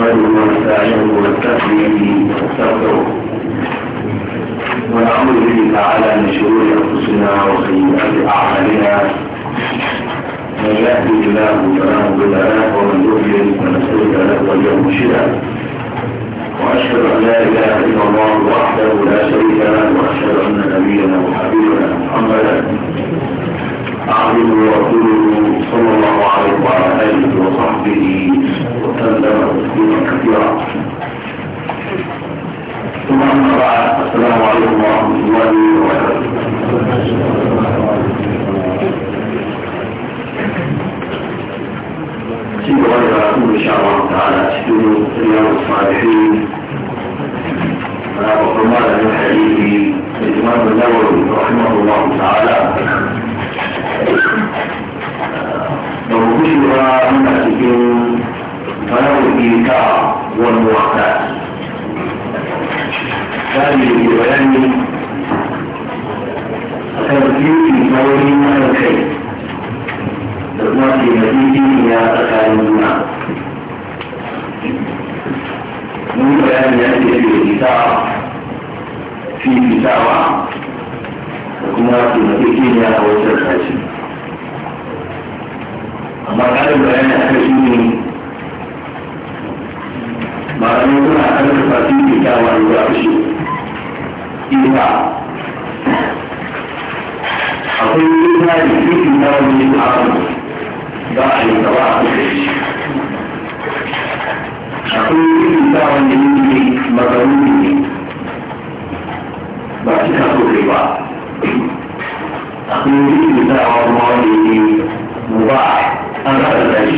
نحمده ونستعينه ونستهديه ونستغفره ونعوذ به تعالى من شرور انفسنا وسيئات اعمالنا من يهدي الله فلا مضل له ومن يضلل فلا له وليا مرشدا واشهد ان لا اله الا الله وحده لا شريك له واشهد ان نبينا وحبيبنا محمدا عبده ورسوله صلى الله عليه وعلى آله وصحبه وسلم تسليما كثيرا ثم أما بعد السلام عليكم ورحمة الله وبركاته في غير إن شاء الله تعالى تكون رياض الصالحين وقمنا من الحديث الإمام النووي رحمه الله تعالى da kushewa muna cikin bayan ta wani Ta tsari da bayani a kan kirki na wani mara kai da kuma ke da kirki ya tsakanin juna mun bayani ya ce da fi fifitawa da kuma ke da kirki ya wajen sashi makanan banyak ke sini Makanan itu akan seperti di kawan dua ini. Tiba Aku ingin lagi di dalam di kawan Tak ada kawan di Aku ini di kawan di sini Makanan aku lewat Aku ingin di an haɗa shi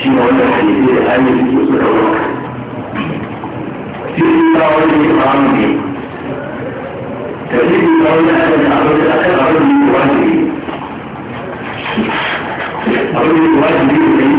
shi ma wanda hadisi da hanyar da ke suka wuka sai ta wani ne ba mu ne tafiye da wani akan abin da akan abin da ya wajibi abin da ya wajibi ne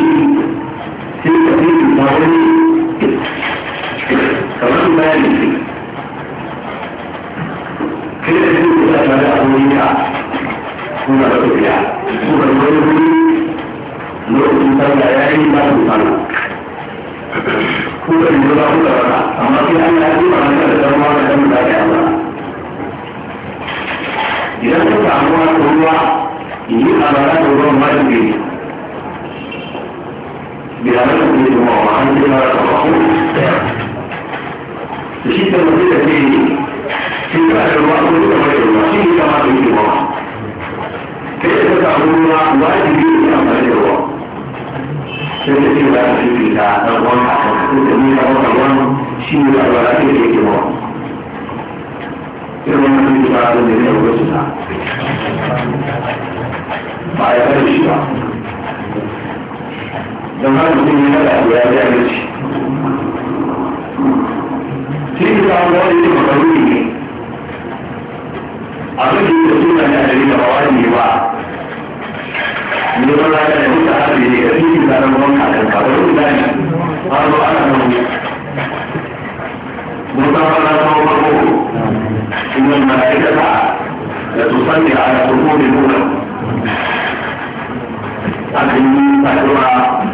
don haka mutum yana da abu ya jahilci sai ka samu wani yake makaruni ne yi da suna ne a dari da bawa ne ba ne ba za ka yi mutu harbi ne ka fi yi zanen ruwan kakan ka ba ruwan dani ba zo ana nan ne mun san fara kawo farko kuma mala'ikata da su sanya a da farko nuna a kan yi faɗuwa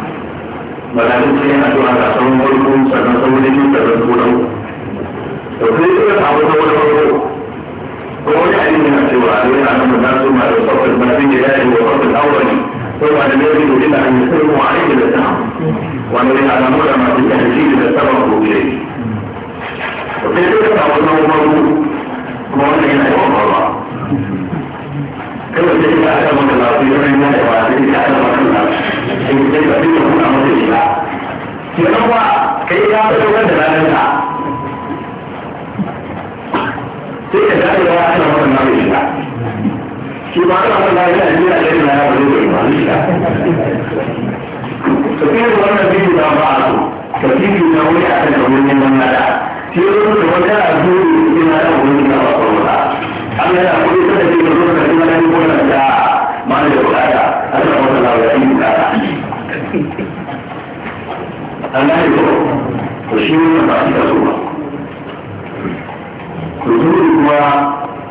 malamin sun yana a ga sauran farko sannan sauran da yin sauran turan to sai suka samu sauran farko ko wani abin yana cewa a yana nuna na su ma da sauran ba sun yi yayi wa sauran awali ko ba da mai rido ina an yi sirrin wa aiki da ta wani yana alamu da masu yanzu da sabon gobe to sai suka samu sauran farko kuma wannan yana yawan barwa Allah ya kuri wani na da mana da bukata a cikin wannan labarai bukata an gane ko ko shi ne ba shi da so ba to zuri kuma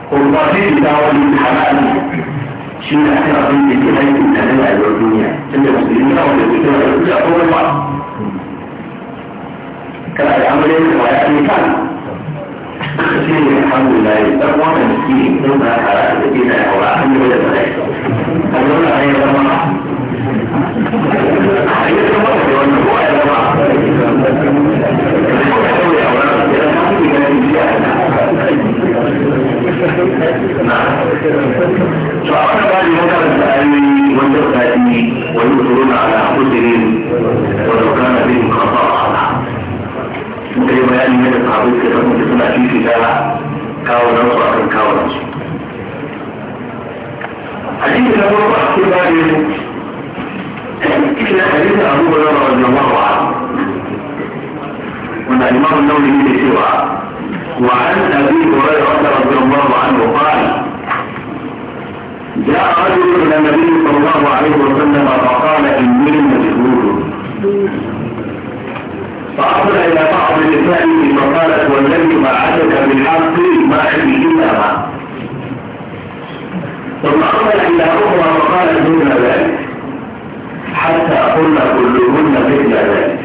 kurbafi da wani shi ne a kan abin da ke aikin da na rayuwar duniya tunda musulmi na wanda ke da duk a ba kana da amurai da ya ne kan shi ne alhamdulillah dan wannan shi ne ba tare da take da yawa an yi da tsare Allah ya yi zama ai zama da wannan ko ai zama to a wannan bari mun karanta ayoyi wanda ba ta yi wani turuna ala husrin wa kana bin qata'a sai bayanin yadda sahabbai suka kasance suna fifita kawunansu akan kawunansu حديث أبو بكر في باب إلى حديث أبو بكر رضي الله عنه وأن الإمام النووي به سوى وعن أبي هريرة رضي الله عنه قال جاء رجل إلى النبي صلى الله عليه وسلم فقال إني مشغول فأصل إلى بعض نسائه فقالت والذي بعثك بالحق ما حبيبها ثم أصل إلى أخرى فقالت دون ذلك حتى قلنا كلهن مثل ذلك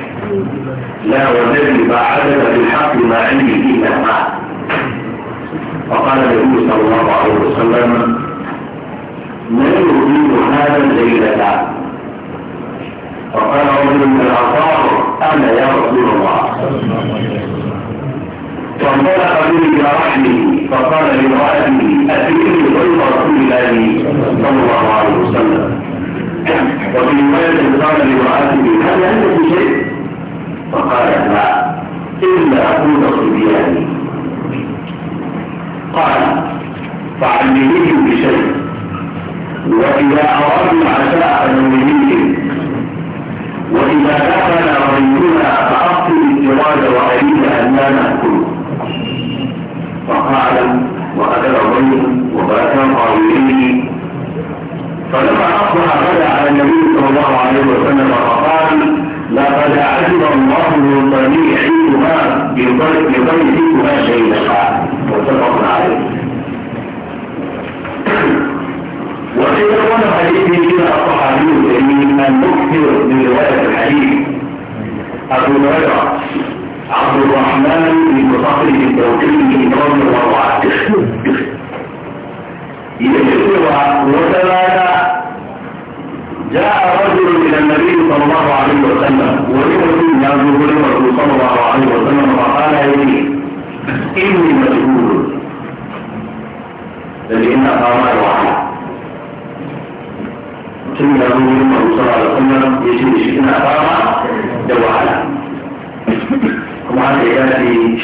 لا والذي بعثك بالحق ما عندي إلا ما فقال النبي صلى الله عليه وسلم من يريد هذا الليلة فقال رجل من الأنصار قال يا رسول الله فانطلق من الى رحمه فقال لامرأته أتيت غير رسول الله صلى الله عليه وسلم وفي رواية قال لامرأته هل عندك شيء؟ فقالت لا إلا أكون صبياني قال فعلميه بشيء وإذا أردنا عشاء منكم وإذا دخل غيرنا فأقتل السراج وأريد أن لا نأكل فقال وأكل الرجل وبركه إليه فلما أصبح بدا على النبي صلى الله عليه وسلم فقال لقد عجب الله من طبيعتها بطريقتها شيئا متفق عليه وفي أول حديثه كده الصحابي أن نكثر من رواية الحديث أبو هريرة عبد الرحمن بن صخر الدوسي رضي الله عنه يذكر وثلاثة جاء رجل إلى النبي صلى الله عليه وسلم ولرسول يرجو الرسول صلى الله عليه وسلم فقال إليه إني مسؤول لأن أمر واحد ثم يظنون ان صلى الله عليه وسلم يجد شيء اخر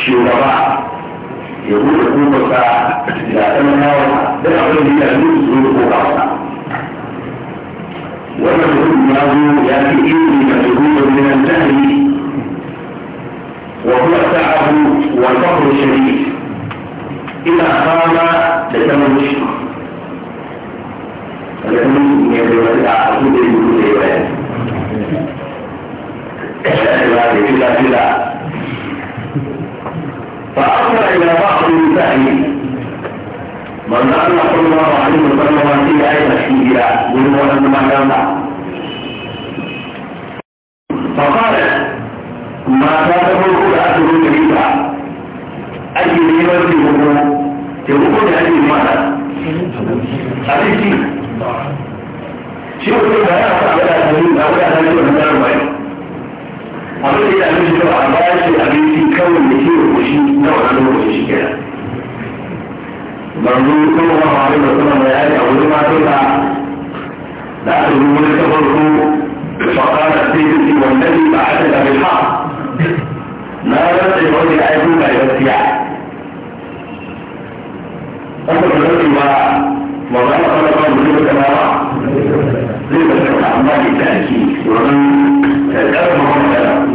جوعا يقول قوتك لا تنهار بحر الى جزء القرى وما يقول ياتي اني مسجون من الدهر وهو التعب والفقر الشديد اذا قام لتم المشرك لكن يجب فأرسل إلى بعض النساء من أن صلى الله عليه وسلم في آية الشجرة من هو أن ما فقال ما كانت الأولى أدعو كريمة أجل يوم يوم يوم يوم يوم يوم shi ko da ya faɗa da abin da ya faɗa da wannan mai abin da ya faɗa da a baya shi abinci kawai da ke koshi na wannan lokaci shi kenan manzo kuma ba ma da kuma mai aiki a wurin mata da aka yi wani ta farko fakara sai ta ce wannan ba a ta ha na rasa yi wani aiki da gaskiya. Wanda ba zai ba وما خلق الملك لبس الأعمال تأتي ومن تدبر مثلا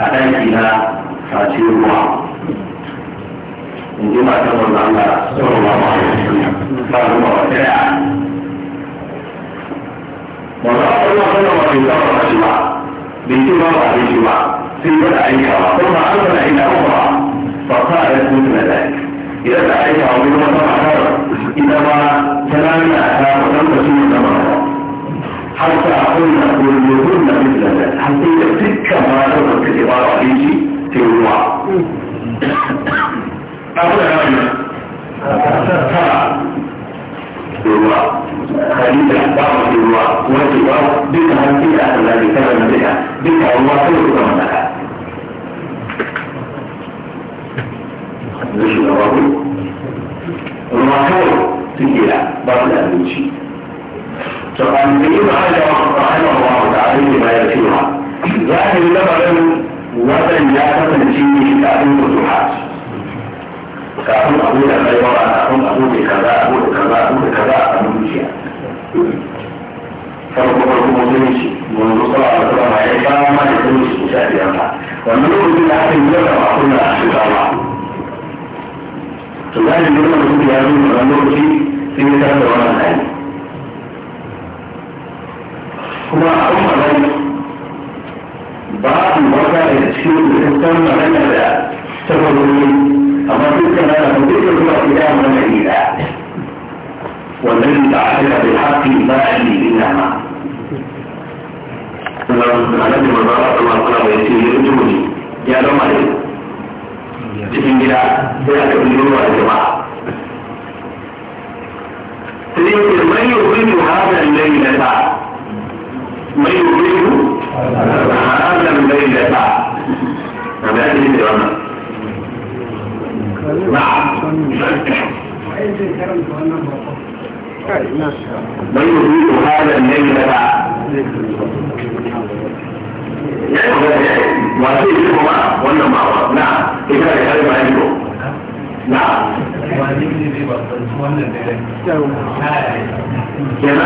أتيتها فاتيرها عندما تقول الله صلى الله عليه وسلم فهو وسع وما خلق الملك لبس الأعمال بيتما وعليهما في بدء عينها ثم أرسل إلى أخرى فصارت مثل ذلك إذا عينها ومنها إنما كلام أخلاق كثير مرة حتى قلنا كلهن مثلنا حتى يتك ما تظهر كتبار عليه في الوعى أقول أنا بالله خليل الأحبار بالله والجوار بك هذه التي كلم بها بك الله كله كما لها مش الرجل suke da ba su da abinci to an yi ma'aikata wasu rahama wa wata abin da ya cewa za a yi lamarin watan ya kasance ne kafin ku zuha kafin abu da kai wa kafin abu da kaza abu da kaza abu da kaza a zuciya farko farko musulunci manzo sallallahu alaihi wasallam ya fara ma da musulunci ku sai ya fa wannan lokacin da aka yi da ba kullu a shugaba to zai yi wannan mutum ya zo wannan lokaci sai ya tarar wani hali kuma abin magana babu wata da cikin rikon magana da ta faruwa amma dukkan ana da dukkan kuma su mana ne da wannan da aka da bai haƙi ba a yi ina ma Annabi manzo Allah sallallahu alaihi wasallam ya ce ya zama cikin gida sai aka yi ruwa da jama'a لكن من يخرج هذا الليلة من يخرج هذا الليلة هذا الليلة نعم من يريد هذا الليل وسيلهما وانما نعم اذا كلمه نعم wani ne zai ba su wannan da ya kenan da ya rage ne wa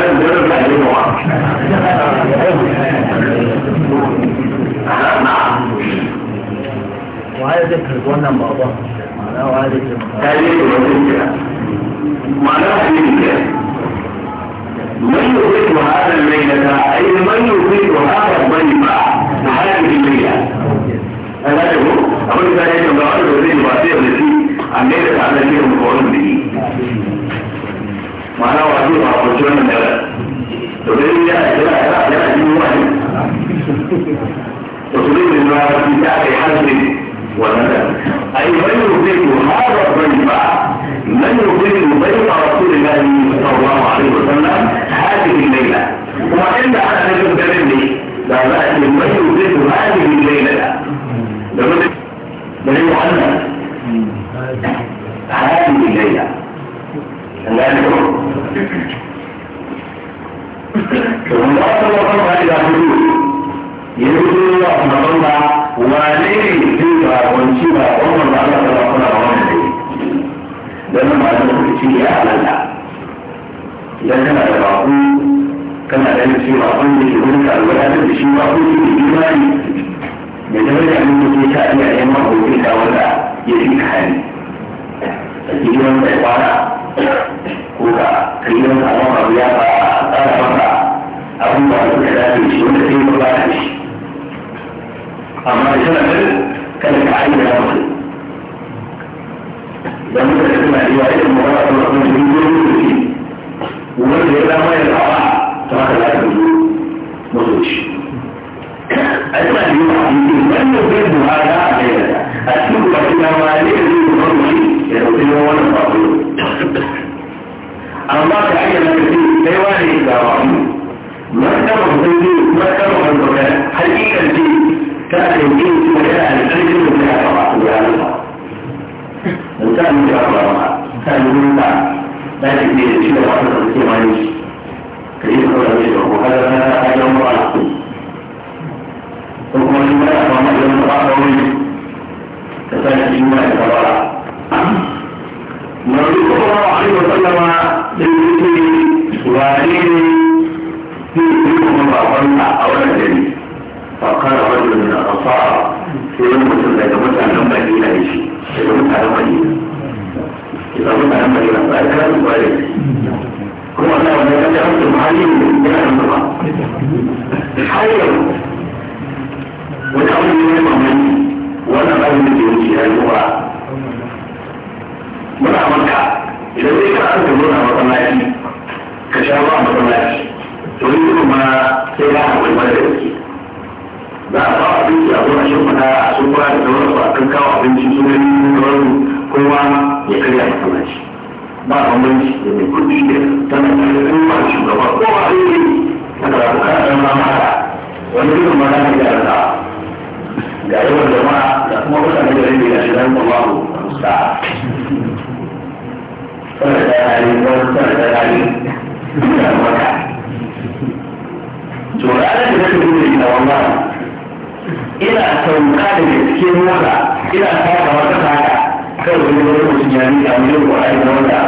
waye zai karbi wannan babban ma'ana waye zai karbi ta yi da wani kira ma'ana wani kira من يفيد هذا الليلة أي من يفيد هذا الضيف هذه الليلة هذا هو أقول لك أنا جمعت وزيد وزيد an ne da ta'ala shi mu kawai da yi ma'ana wa zai ba ku jona da to dai ya ya ya ya ji wani to dai ne ma shi ta kai hasbi wannan ai bai zai ku hada bai ba من يقيم بيت رسول الله صلى الله عليه وسلم هذه الليله وإن أنا نجم تبني لا بأس من يقيم هذه الليله لما نجم حياة الليلة ثم أصل الله إلى حدود يقول الله الله وليه سيبا ونشيبا ومن الله صلى الله عليه وسلم لأن ما أدرك شيء على الله لأن ما أدرك كما لم يسير أقول لك هناك الولادة بشيء أقول لك الإيمان لأن ما يعلمك شيء أن يعلمه بك ولا يديك حالي hidiman mai kwana ko ka hidiman ka amma ya ba tsara abubuwa da suka dace shi wanda sai ba da shi da kada ka mutum da muka da suna ya zama ya ta za ka zo a yi ba da ba a yi da yi ba da yi ba ba ba da yi ba da yi da ba ba ya dauki na wannan babu amma da ake ka ce kai wani ga babu martaba ka ce martaba ka ce hakikar ce ta da ce ce yana da ƙarfin da ya kama ya rufa da ta yi ya kama ta yi rufa da ke da shi da wata da ke ka yi kawai da shi ko kada na ta yi wani ba ko kuma shi ma ya kama da ba ka wani ka sa shi ma النبي صلى الله عليه وسلم بالذكر وعليه يذكرهم فأقلنا أولا جديد فقال رجل من الأنصار إذا مسلم إذا مسلم مدينة شيء إذا مسلم مدينة إذا مسلم مدينة فأكلم وعليه كما لو نجد أنتم حالين من الله حالين ولا أمي muna manka idan zai kana son ka zauna masallaci ka sha ruwa masallaci to ni kuma sai ka haƙuri ba da gaske za a kawo abinci a zuwa shan fada a sun kura da sauransu a kan kawo abinci su gani sauransu kowa ya karya masallaci ba bambanci da mai kuɗi da tana da yin kuma shugaba kowa zai yi haka za ku kana ɗan mamaka wani irin ma na ka da ta ga yawan jama'a da kuma mutane da rage da shi don kuma ku sa'a suna da hali wani suna da hali suna maka to da gudu da wannan ina sauka da gaske mota ina taka wata taka kan wani wani mutum ya ni a miliyan ko aiki wanda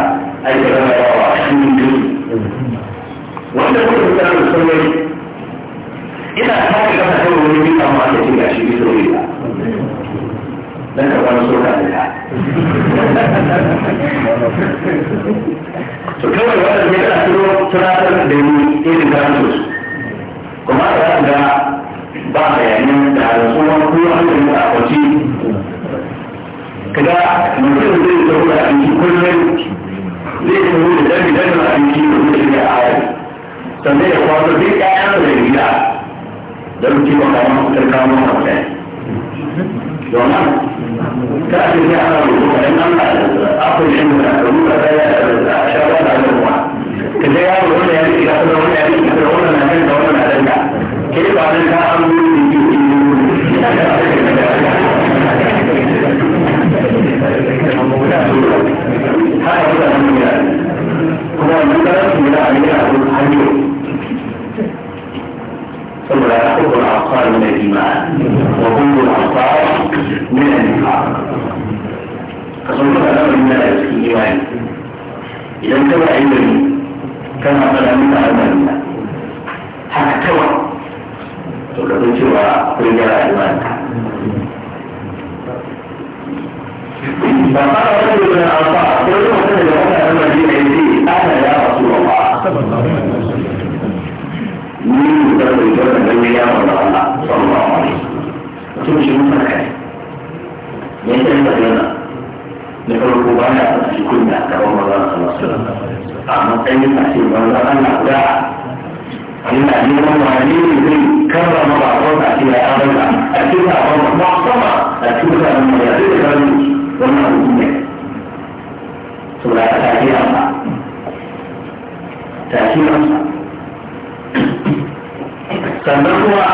aiki rana yawa a cikin duk wanda kuma da tsarin sauri ina taka kasa kan wani mutum amma da ke gashi bisoyi dan ka wani soka ne ta to kawai wanda ne kana turo tunatar da ni irin gano su kuma za ga ba bayanin da rasuwan ko hannun da akwaci kada mutum zai zo da abinci kullum zai zo da dami dami abinci da mutum da ayari sannan ya kwaso zai ƴaƴan da gida don kiwon kawo mutum kawo mutum don كأن يعلم أقل إن العلوم فلا شرط علومها كذا يعلم هنا يعني يأخذ هنا يعني يأخذ كيف علمها أمر هذا هو المثال هو المثال من عليه أبو saboda ya kuma wani alfahari na imani wa kuma wani alfahari na yan nufa ka sun fi kada wani yana cikin imani idan ka ba a yi gari kana fara nuna albarin na haka kawa to ka sun cewa kuri gara imani ka ba fara yana alfahari yi wata da bai ji wannan ganye ya manzo Allah sallallahu alaihi wasallam mutum shi mun kai ne sai da yana na farko ko ya san shi kunya gaban manzo Allah sallallahu alaihi wasallam amma sai ya ce manzo Allah da Allah ne wani ne zai karrama ba ko a ce ya aure a ce ba ba a ce ba mun ya zai karrama wannan hukumai saboda ta tafi amsa tafi sannan kuma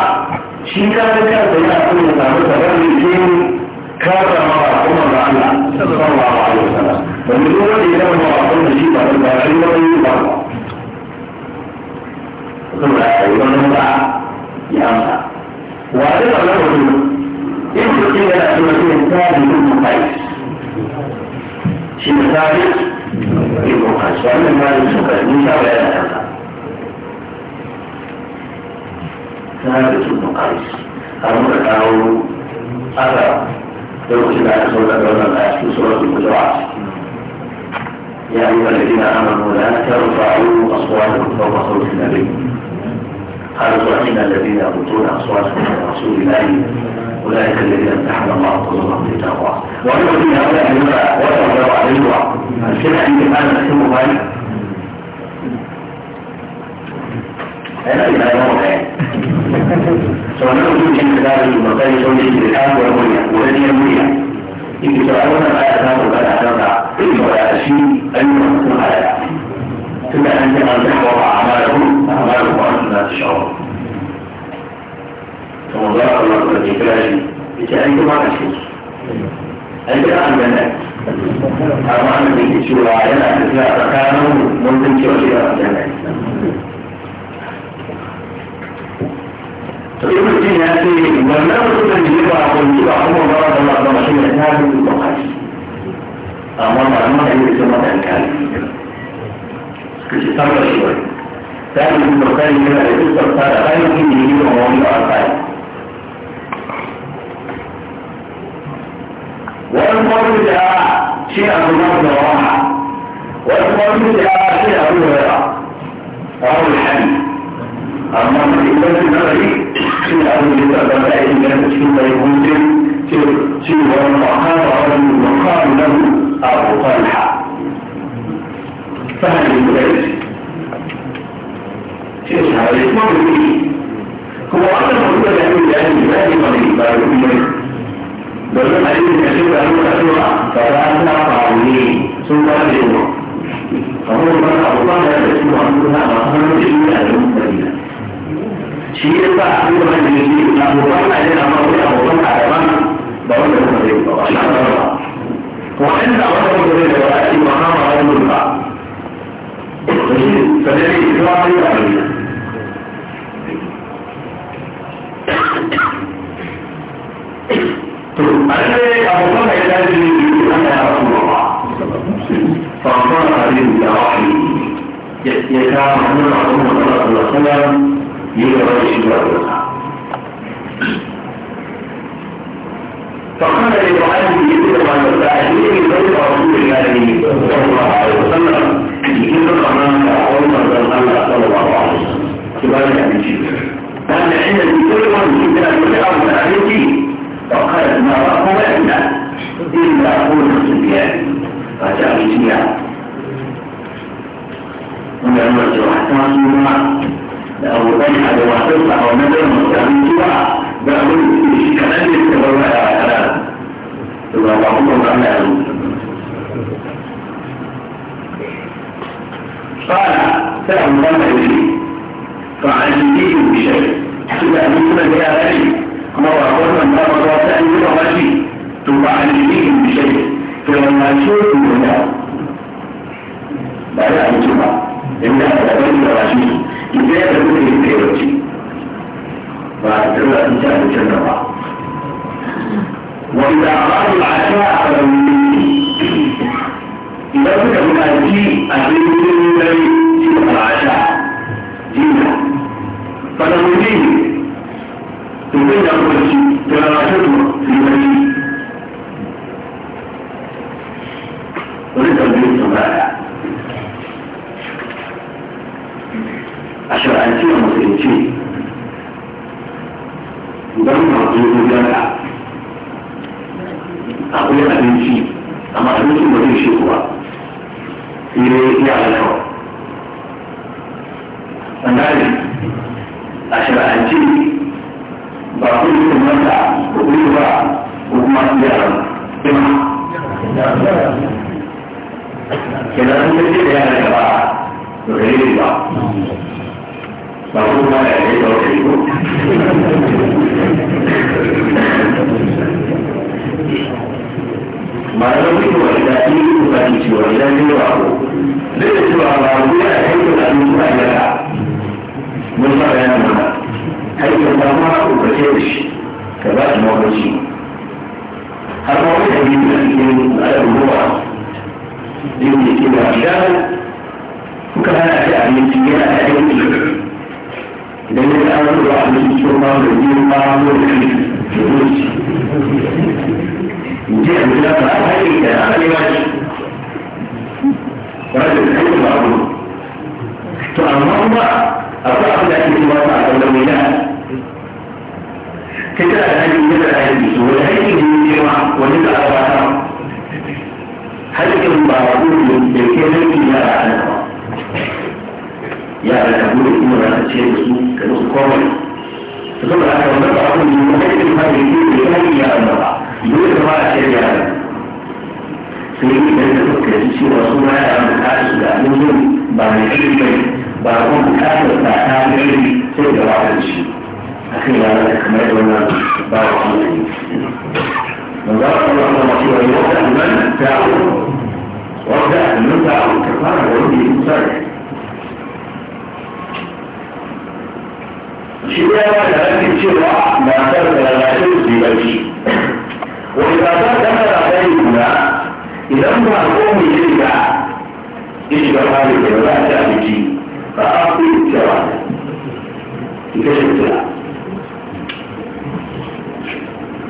shi ka kansa yana so ya samu tabarri ke kafa ma ba kuma ga Allah sallallahu alaihi da domin duk wanda ya zama ba kuma shi ba da shi ba yi ba saboda ya yi wannan ba ya amsa wa da wannan mutum in mutum yana so ya yi tsari da yi shi ne tsari ne mutai wannan ma ne suka yi shawara da kansa ثابت بن قيس قالوا لكاو أثر لو كنت عن سورة الأولى الآية في سورة المزرعات يا أيها الذين آمنوا لا ترفعوا أصواتكم فوق صوت النبي قالوا سمعنا الذين يقولون أصواتكم من رسول الله أولئك الذين امتحن الله قلوبهم للتقوى وأنتم في هؤلاء الأمة وتغلوا على الوعى الكلمة عندي الآن تتم غير أنا بما يوم العين سواء يمكن كتاب المقال يقول الالحاد والمنع والذي يمنع يتساءلون على اساس ولا اساس علم ولا شيء علم محكوم على ثم انت ان تحفظ اعمالهم اعمالهم وانتم لا تشعرون ثم الله الله الذي بلا شيء يتعلم ما تشعر أنت أعلم أنك أما أنك تشعر على أنك لا تكانوا ممكن تشعر على أنك lokacin ya ce wannan rukun da ya ba ko yi ba kuma ba da Allah ba shi ne ta yi ba kai amma ba amma da yake sama da kai kace sabba shi ba sai mun da kai ne da duk sabta da kai ne ne ne ba wani ba kai wannan kwarin da shi abu na da wani wannan kwarin da shi abu da ya ba wani hadisi amma mahimmancin nazari shi ne abin da ya ba ta yi da cikin mai hujjin cewa makara wani makaru nan a abokan ha ta hanyar da ya ce shi hari kuma mutum kuma wannan mutum da ya yi da ya yi da ya yi ba da kuma domin a yi da shi da nuna cewa ba za ta faru ne sun ba da yawa kamar wani abokan da ya yi da shi wa nuna ba har da shi da ya yi da shi ya sa a cikin wani jirgi na abokan na yin amma wani abokan na daban da wanda kuma zai ba wa shan ba waɗanda wata kuma zai da wata ake maka ma wani mulka da shi sanar da ita wani da wani to an yi abokan na yin daji ne da ya rasu ba fa fa a yi da wani ya kama hannun a kuma da wani yi da wani shi zuwa wuta فقال لبعض يدعو على التعليم بين رسول الله صلى الله عليه وسلم يجب أمامك عمر بن الله صلى الله عليه وسلم كذلك من شيء كان عند كل من يدعو في الأرض تعليمه فقال ما رأوا إلا إلا أقول الصبيان فجاء بسيئة ومن أمرت حتى صلى او تنحى لو هتطلع او نادر مستعمل كده ده اقول مش كمان يستمر على كلام يبقى اللهم صل قال سأل الله إليه فعليه بشيء kenan an jirgin da yana gaba to da yi ba ba ku kuma da yi ba da yi kuma wa ta yi ku ka ci ciwo idan yi wa ko zai da ciwo ba ku yana kai ku da su a yara mun ba yana mana aikin ba ma ku ka ce shi ka ba shi mawaci har ma wani hadisi a cikin ayar ruwa da yake cewa idan kuka hana shi abinci yana da aiki idan ya ta ruwa abinci ko ma da yi ma ko da shi da zuci je a gida ba a haɗe da aka nema shi ba da kai ba abu to amma ba akwai abin da ake cewa ba a ɗaukar mai sai tana da hajji ne da su wani ne ne ma wani da aka ba ne da ke ya ba ba ya da ce da su ka musu su zama da aka wanda ba ne da ba ba dole ka fara ce sai idan ka fuka cewa su ma ya su da abin ba mai kai ba ba kuma ta ta ta da cikin da ya kuma yadda Maza ta da wani da shi ya da da yi Wani ba ta idan ba da ba ba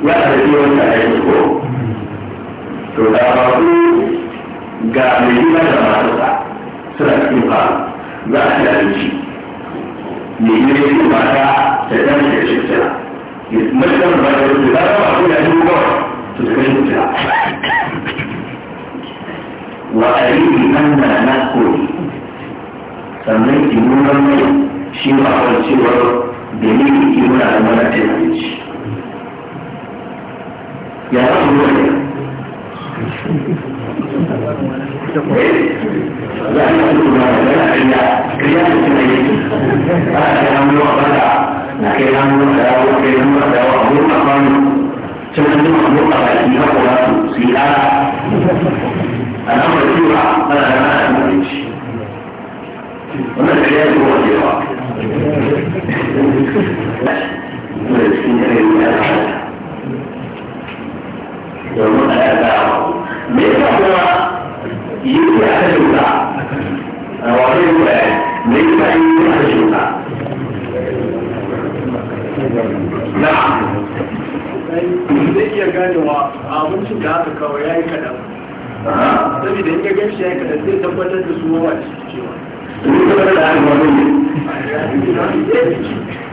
ya da wanda ya yi ko to da ba ku ga mai gida da matarsa suna cikin ba za a ci abinci mai gida ya ce mata ta ɗan shi da shi tana mashidar ba da wasu da ba ku ya yi kawai su ta wa a yi an da na kori sannan ki nuna mai shi ba a da ki da mana taimakon yi ya za mu yi ya yi wasu ba da yana kariya kariya da suna yi ba a kai ramuwa ba da na kai ramuwa da yawo kai ramuwa da yawo a wurin a kwano can an jima mu a baki haka wasu su yi ara a nan da tura ana da rana da mutunci wannan kariya da kuma cewa Thank you. domin a yarda me yasa kuma yi ya a shuka? a wani yi ne me yi ne a na zai iya ganewa abincin da aka kawo ya yi kaɗan saboda in ya yi zai tabbatar da su wa cikin cewa. da ne.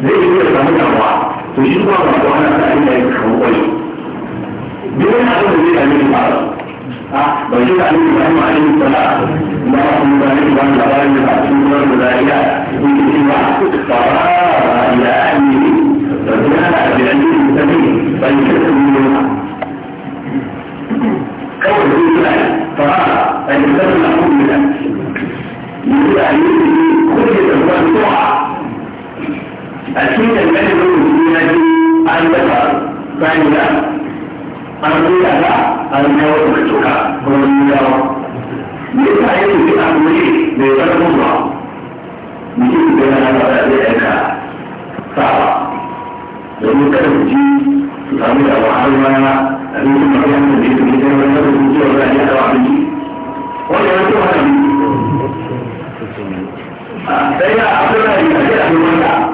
每一个什么讲话，最喜欢我们共产党人来开会。你们哪个人来领导？啊，毛主席怎么安排的？你们不答你！下，放下，别动，别动，放下！高举起来，放下！放下，来，放下！放下，放下！你下！放下！放下！放下！放下！放下！放下！放是放下！放下！放下！放下！放下！放下！放下！Akhirnya kami berusaha dengan baik Alhamdulillah, Alhamdulillah berjuka, berjuka. Mereka itu kita beri dengan semua. Mungkin dengan apa yang dia ada. Sama. Dan kita berjuka, kita beri apa hal yang mana, dan kita beri yang lebih, kita beri yang lebih, kita beri yang lebih, kita beri yang lebih. Oleh itu, saya akan beri yang lebih, saya akan beri yang lebih,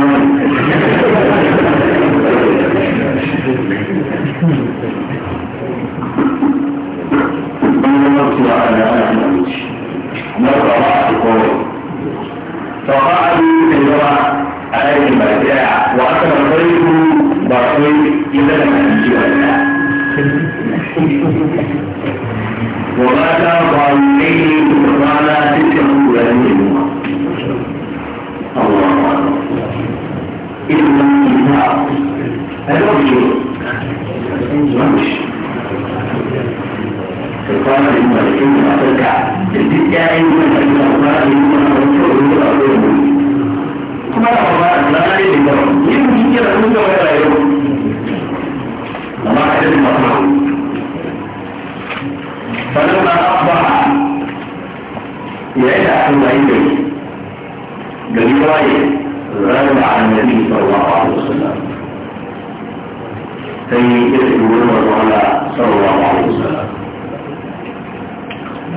يسلمون الرسول صلى الله عليه وسلم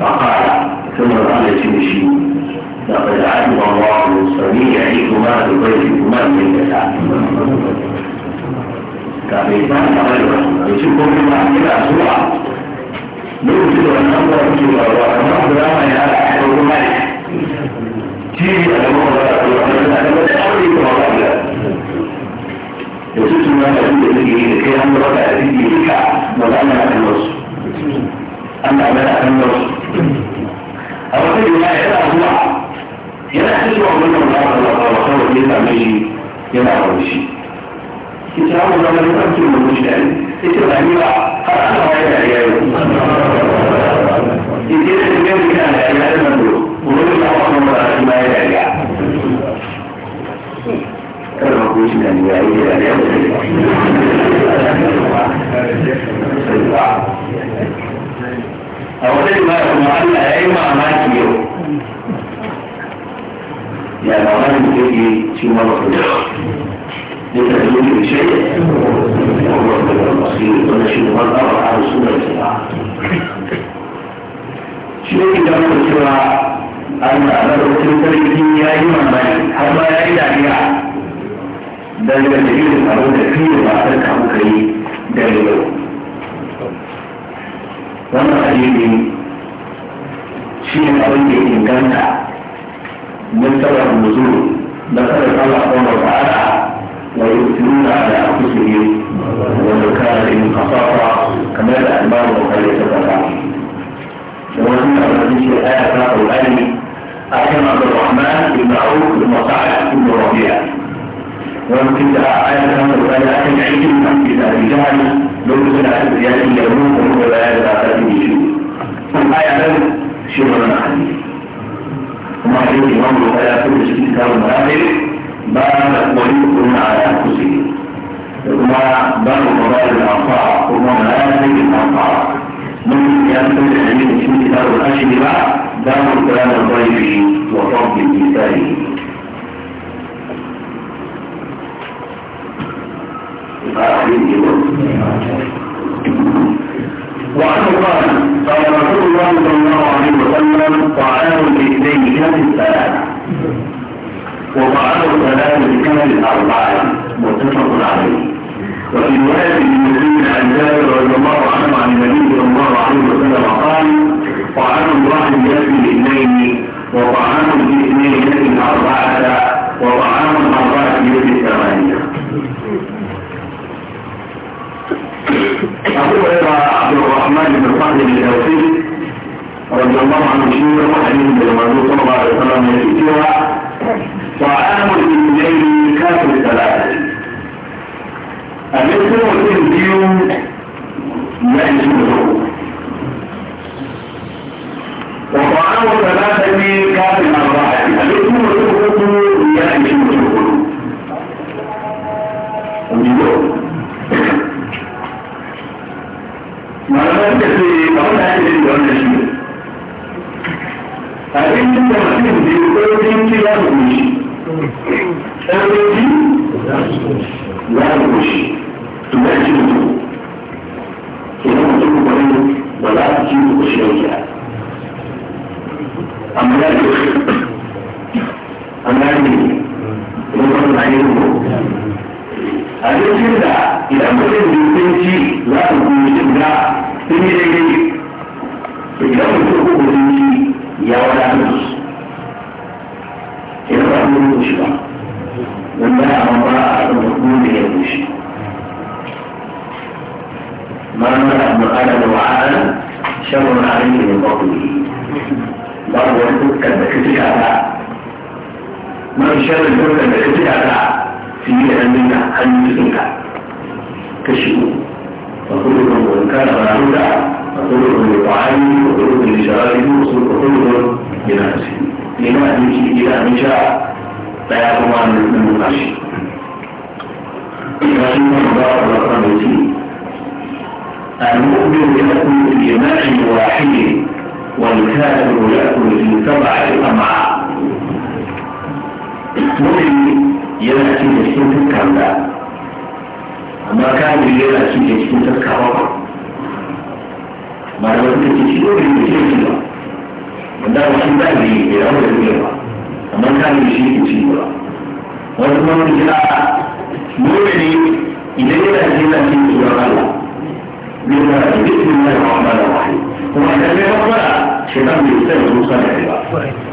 فقال ثم قال الشمشي لقد علم الله سميعكما ببيتكما من يشاء كبيتان غيره يشكر بما كلا سوى نوجد ان الله يجب الرحمن لا يعلم حكمه تيجي الامور لا تقول انا لا اقول لك والله لا wanda inda suke yi da kai an raba da suke yi ka ba za a kan wasu an ba a kan wasu a wata yana yana zuwa yana cikin wani wani wani wani wani wani wani wani wani wani wani wani wani wani kisa mu zama ne kan kiran mu shi da ni ita da ni ba har an ba ya ya yi ki ke da ni ne ya ya ne mu mu ne ba mu ba ya ya karfa ko shi da ne ya yi da a wata jimara kuma Allah ya yi mamaki yau ya mamaki da yake ci ma ba kuma yadda da yake shi ya kuma da masu yi wanda shi kuma ba ba a su da shi ne idan muka cewa Allah na da wutar sarki ya yi mamaki har ma ya yi dariya da yi da yi da yi da yi da ba da yi da wannan hadisi shi ne abin da yake ganta mun tsara muzu na tsara tsara kuma ba a da wa yi tsuna da kusuri wanda kara da yin kafafa kamar da albama da kare ta kafa wani kamar shi ya tsaya ta kawai ne a kan abu rahman ibn abu da masu'ad ibn rabi'a وممكن آية كما تقول أكن عيد في ذلك لو كنت أحد يعني يوم وهو لا يدعى ذلك شيء الآية لم شيء ولا حديث وما يجب الإمام ولا كل شيء كتاب المراحل باب على أنفسهم وما باب فضائل الأنصار وما منازل الأنصار ممكن ينقل العلم في كتاب الأشهر باب كلام الضيف وفضل مثاله وعنه قال قال رسول الله صلى الله عليه وسلم طعام الاثنين كان الثلاث وطعام الثلاث كان الاربعه متفق عليه وفي رواية المسلمين عن جابر رضي الله عنه عن النبي صلى الله عليه وسلم قال طعام الواحد يكفي الاثنين وطعام أقول هريرة عبد الرحمن بن صخر الدوسي رضي الله عنه شيخ وحديث بالمرسول صلى الله عليه وسلم يأتيها طعام الإنجيل كافر ثلاثة أبيت وكل ديون لا يجوز وطعام ثلاثة كافر أربعة أبيت وكل ديون لا يجوز ya bugu shi ƙarfi ya bugu shi ci mutu kenan mutum kwanin ba za a ci mutu shi yau ya amma ya ce amma ne kuma wani na yi rubu a cikin da idan mutum bai san ci za a gudu shi da sun yi daidai idan mutum ko ya wada أنا وعاء شر عليه من بطنه babu wani dukkan da kace ka ta man sharri dukkan da kace ka shi ne hannun ka hannun cikin ka kashi wa kullu man kana ma'ruda wa kullu man yu'ani wa kullu man a yusul wa kullu da yanasi ne ma dinki ila min sha daya kuma nan nan kashi ina yin ba ba ba ba المؤمن يأكل الإماء واحد والكافر يأكل المتبع الأمعاء المؤمن يأتي جسد الكرداء أما كان يأتي جسد الكرداء ما لو كنت تشعر بجسد الكرداء عندما كنت أجري في أول الكرداء أما كان يأتي جسد الكرداء وثم من جاء مؤمن إذا يأتي جسد الكرداء nígbà tí ìdíje ní ẹ̀rọ ọ̀gbọ́n ọ̀gbọ́n ọ̀gbọ́n ọ̀gbọ́n ọ̀gbọ́n ọ̀gbọ́n ọ̀gbọ́n ọ̀gbọ́n ọ̀gbọ́n ọ̀gbọ́n ọ̀gbọ́n ọ̀gbọ́n ọ̀gbọ́n ọ̀gbọ́n ọ̀gbọ́n ọ̀gbọ́n ọ̀gbọ́n